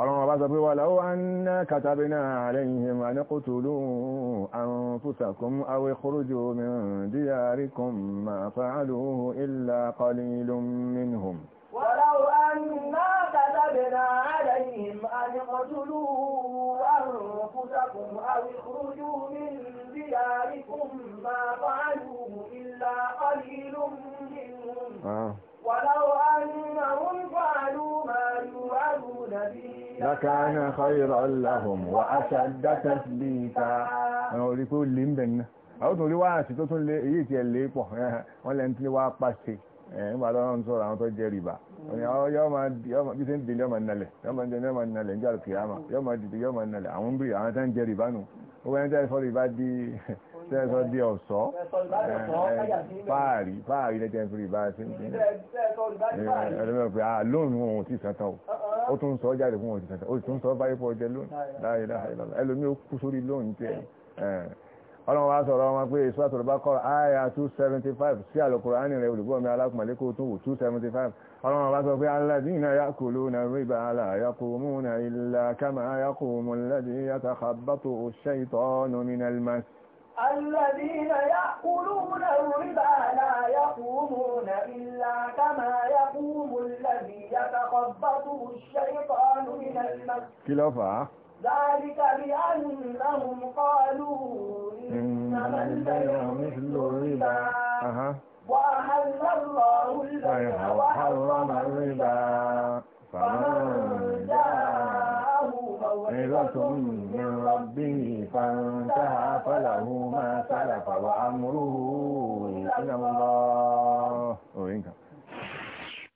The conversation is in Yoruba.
ọlọ́run ọba sọ pé wà láwọ́ anná katabina alayhim an qutulu anfusakum aw ikhruju min diyarikum ma fa'aluhu illa qalilun minhum ولو أنا كتبنا عليهم أن اقتلوا أنفسكم أو اخرجوا من دياركم ما فعلوه إلا قليل منهم ولو أنهم فعلوا ما يوعدون به لكان خيرا لهم وأشد تثبيتا àwọn orí pé ó lè ń bẹ̀ ní àwọn tó rí wá àti tó tún lé èyí tí ẹ lè pọ̀ wọ́n lẹ́ni tí wá pàṣẹ nígbà tó ń sọ̀rọ̀ àwọn tó jẹ́ rìbá bí ṣe ń dìlé ọmọ nalẹ̀ yọmọ jẹ́ ọmọ nalẹ̀ ń jàrù kìyàmà yọmọ dìde yọmọ nalẹ̀ àwọn bí àwọn tó ń jẹ́ rìbá nù ó wẹ́n tẹ́ sọ́rọ̀ ìbá di tẹ́sọ́ di ọ̀sọ́ fáàrí fáàrí lẹ́tẹ̀ẹ́ sọ́rọ̀ ìbá sí ẹ̀rọ mẹ́rin pé àlóòrùn ah, òun ti sàn tán o ó tún sọ jáde fún òjìkàtà ó tún sọ báyìí pọ̀ jẹ lónìí la ilaha illallah ẹlòmí ó kú sórí lónìí tí ẹ ọlọ́run wa sọ̀rọ̀ wọn pé èso àtọ̀rọ̀ bá kọ́ àyà 275 sí àlùkùránì rẹ̀ olùgbọ́ mi alákùnmọ̀lẹ́kọ̀ tó wò 275 ọlọ́run wa sọ pé alladhina ya'kuluna riba la yaqumuna illa kama yaqumu alladhi yatakhabbatu ash-shaytanu minal mas الذين يأكلون الربا لا يقومون إلا كما الذي يتخبطه الشيطان من المس كلافة ذلك بأنهم قالوا إنما البيع مثل الربا وأحل الله البيع وحرم الربا فمن جاءه موعظة من ربه فانتهى فله ما سلف وأمره إلى الله